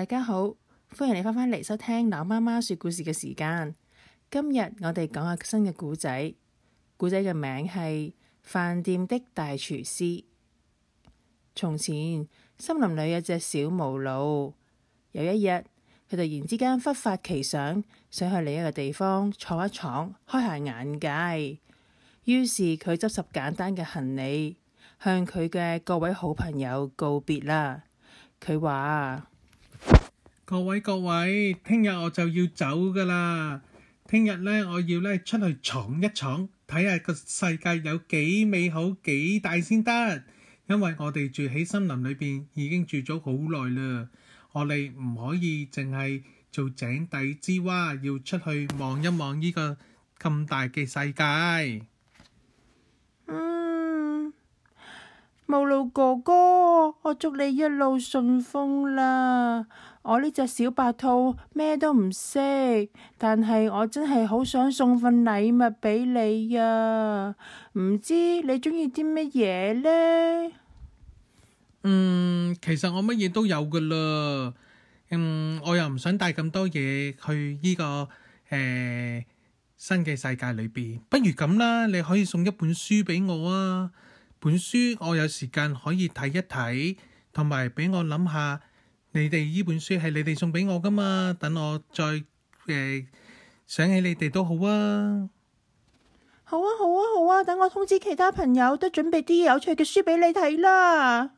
大家好，歡迎你返返嚟收聽老媽媽說故事嘅時間。今日我哋講下新嘅古仔，古仔嘅名係飯店的大廚師。從前森林裏有隻小毛驢，有一日佢突然之間忽發奇想，想去另一個地方闖一闖，開下眼界。於是佢執拾簡單嘅行李，向佢嘅各位好朋友告別啦。佢話：各位各位，聽日我就要走㗎喇！聽日咧，我要咧出去闖一闖，睇下個世界有幾美好、幾大先得。因為我哋住喺森林裏邊已經住咗好耐啦，我哋唔可以淨係做井底之蛙，要出去望一望呢個咁大嘅世界。毛驢哥哥，我祝你一路順風啦！我呢隻小白兔咩都唔識，但係我真係好想送份禮物俾你呀、啊。唔知你中意啲乜嘢呢？嗯，其實我乜嘢都有噶啦。嗯，我又唔想帶咁多嘢去呢、這個誒、欸、新嘅世界裏邊。不如咁啦，你可以送一本書俾我啊！本書我有時間可以睇一睇，同埋俾我諗下。你哋呢本書係你哋送俾我噶嘛？等我再誒、欸、想起你哋都好啊。好啊，好啊，好啊！等我通知其他朋友都準備啲有趣嘅書俾你睇啦。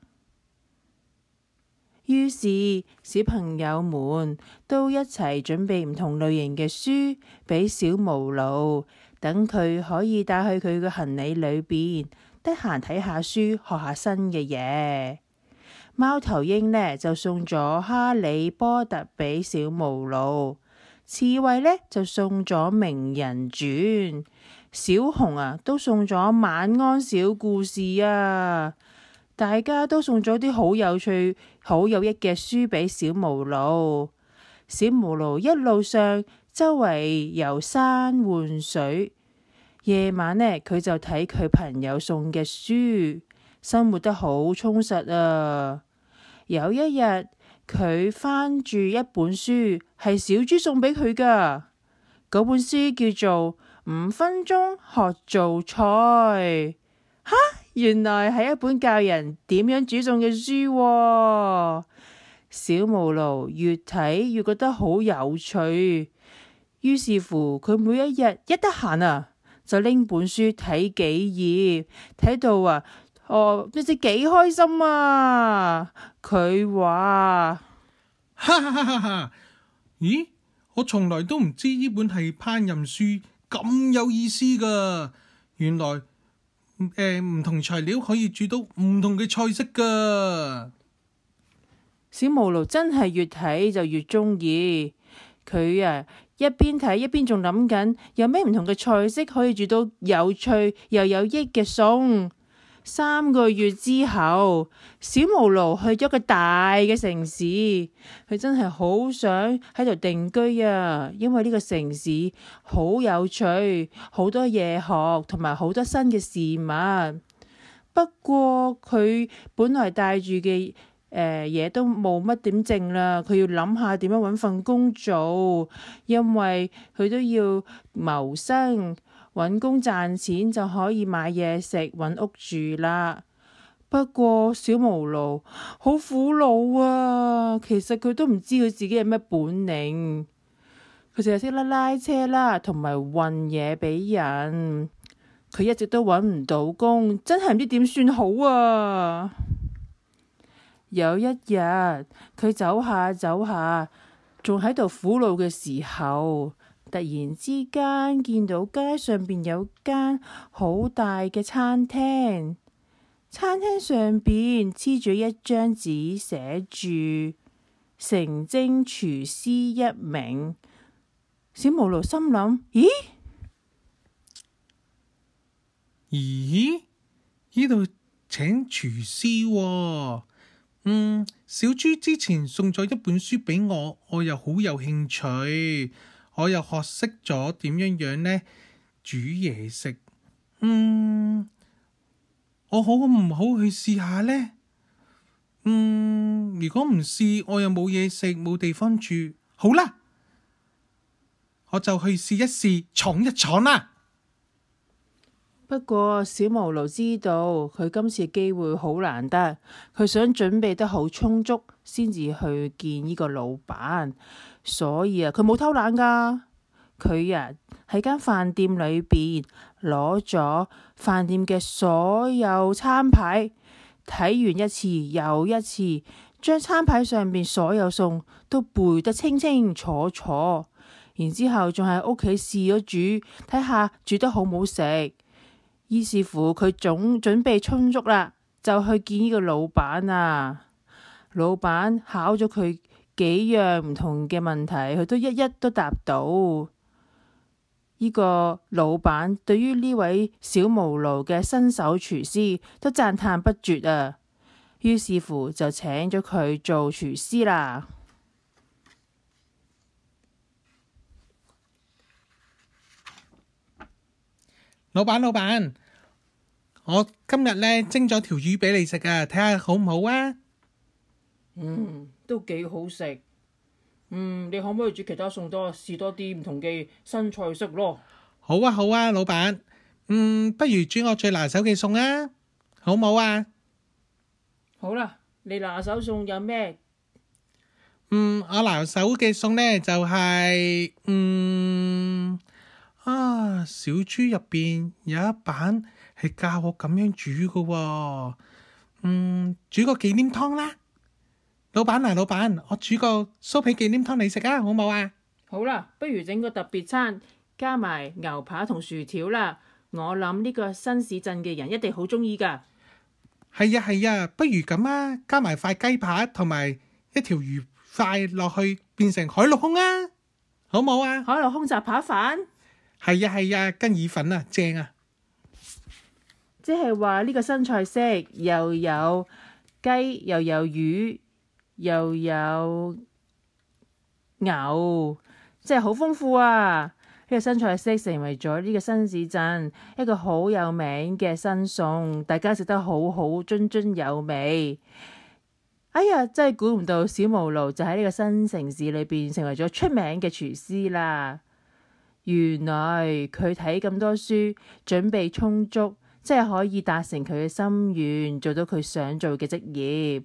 於是小朋友們都一齊準備唔同類型嘅書俾小毛驢，等佢可以帶去佢嘅行李裏邊。得閒睇下書，學下新嘅嘢。貓頭鷹呢就送咗《哈利波特》俾小毛驢，刺猬呢就送咗《名人傳》，小紅啊都送咗《晚安小故事》啊，大家都送咗啲好有趣、好有益嘅書俾小毛驢。小毛驢一路上周圍遊山玩水。夜晚呢，佢就睇佢朋友送嘅書，生活得好充實啊。有一日，佢翻住一本書，係小豬送俾佢噶。嗰本書叫做《五分鐘學做菜》，吓，原來係一本教人點樣煮餸嘅書喎啊。小毛驢越睇越覺得好有趣，於是乎佢每一日一得閒啊。就拎本書睇幾頁，睇到啊，哦，你知幾開心啊？佢話：，哈哈哈！哈哈，咦，我從來都唔知呢本係烹飪書咁有意思噶，原來誒唔同材料可以煮到唔同嘅菜式噶。小毛驢真係越睇就越中意。佢啊，一邊睇一邊仲諗緊有咩唔同嘅菜式可以煮到有趣又有益嘅餸。三個月之後，小毛驢去咗個大嘅城市，佢真係好想喺度定居啊，因為呢個城市好有趣，好多嘢學同埋好多新嘅事物。不過佢本來帶住嘅。誒嘢、呃、都冇乜點剩啦，佢要諗下點樣揾份工做，因為佢都要謀生，揾工賺錢就可以買嘢食、揾屋住啦。 不過小毛驢好苦惱啊，其實佢都唔知佢自己有咩本領，佢淨係識得拉車啦，同埋運嘢俾人，佢一直都揾唔到工，真係唔知點算好啊！有一日，佢走下走下，仲喺度苦惱嘅時候，突然之間見到街上邊有間好大嘅餐廳，餐廳上邊黐住一張紙，寫住“成精廚師”一名。小毛驢心諗：咦咦，呢度請廚師喎？嗯，小豬之前送咗一本書畀我，我又好有興趣，我又學識咗點樣樣呢，煮嘢食，嗯，我好唔好去試下呢？嗯，如果唔試，我又冇嘢食，冇地方住，好啦，我就去試一試，闖一闖啦。不過小毛驢知道佢今次機會好難得，佢想準備得好充足先至去見呢個老闆，所以啊，佢冇偷懶噶。佢啊喺間飯店裏邊攞咗飯店嘅所有餐牌，睇完一次又一次，將餐牌上面所有餸都背得清清楚楚，然之後仲喺屋企試咗煮，睇下煮得好唔好食。於是乎，佢總準備充足啦，就去見呢個老闆啊。老闆考咗佢幾樣唔同嘅問題，佢都一一都答到。呢、這個老闆對於呢位小毛驢嘅新手廚師都讚歎不絕啊。於是乎就請咗佢做廚師啦。老闆，老闆！我今日呢蒸咗條魚俾你食啊，睇下好唔好啊？嗯，都幾好食。嗯，你可唔可以煮其他餸多試多啲唔同嘅新菜式咯？好啊，好啊，老闆。嗯，不如煮我最拿手嘅餸啊，好唔好啊？好啦、啊，你拿手餸有咩？嗯，我拿手嘅餸呢就係、是、嗯啊，小豬入邊有一版。係教我咁樣煮噶喎、哦，嗯，煮個忌廉湯啦，老闆嗱、啊，老闆，我煮個酥皮忌廉湯你食啊，好冇啊？好啦，不如整個特別餐，加埋牛扒同薯條啦，我諗呢個新市鎮嘅人一定好中意噶。係呀係呀，不如咁啊，加埋塊雞扒同埋一條魚塊落去，變成海陸空啊，好冇啊？海陸空雜扒飯，係呀係呀，呀，跟意粉啊，正啊！即係話呢個新菜式又有雞又有魚又有牛，即係好豐富啊！呢個新菜式成為咗呢個新市鎮一個好有名嘅新餸，大家食得好好，津津有味。哎呀，真係估唔到小毛驢就喺呢個新城市裏邊成為咗出名嘅廚師啦！原來佢睇咁多書，準備充足。即係可以達成佢嘅心願，做到佢想做嘅職業，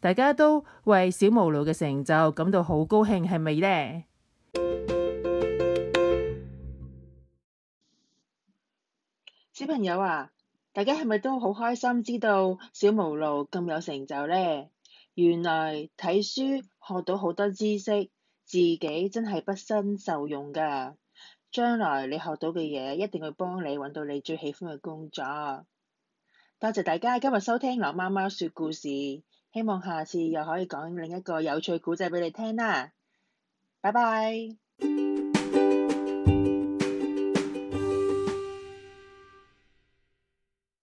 大家都為小毛驢嘅成就感到好高興，係咪呢？小朋友啊，大家係咪都好開心知道小毛驢咁有成就呢？原來睇書學到好多知識，自己真係畢生受用㗎。將來你學到嘅嘢，一定會幫你揾到你最喜歡嘅工作。多謝大家今日收聽劉媽媽說故事，希望下次又可以講另一個有趣故仔畀你聽啦。拜拜。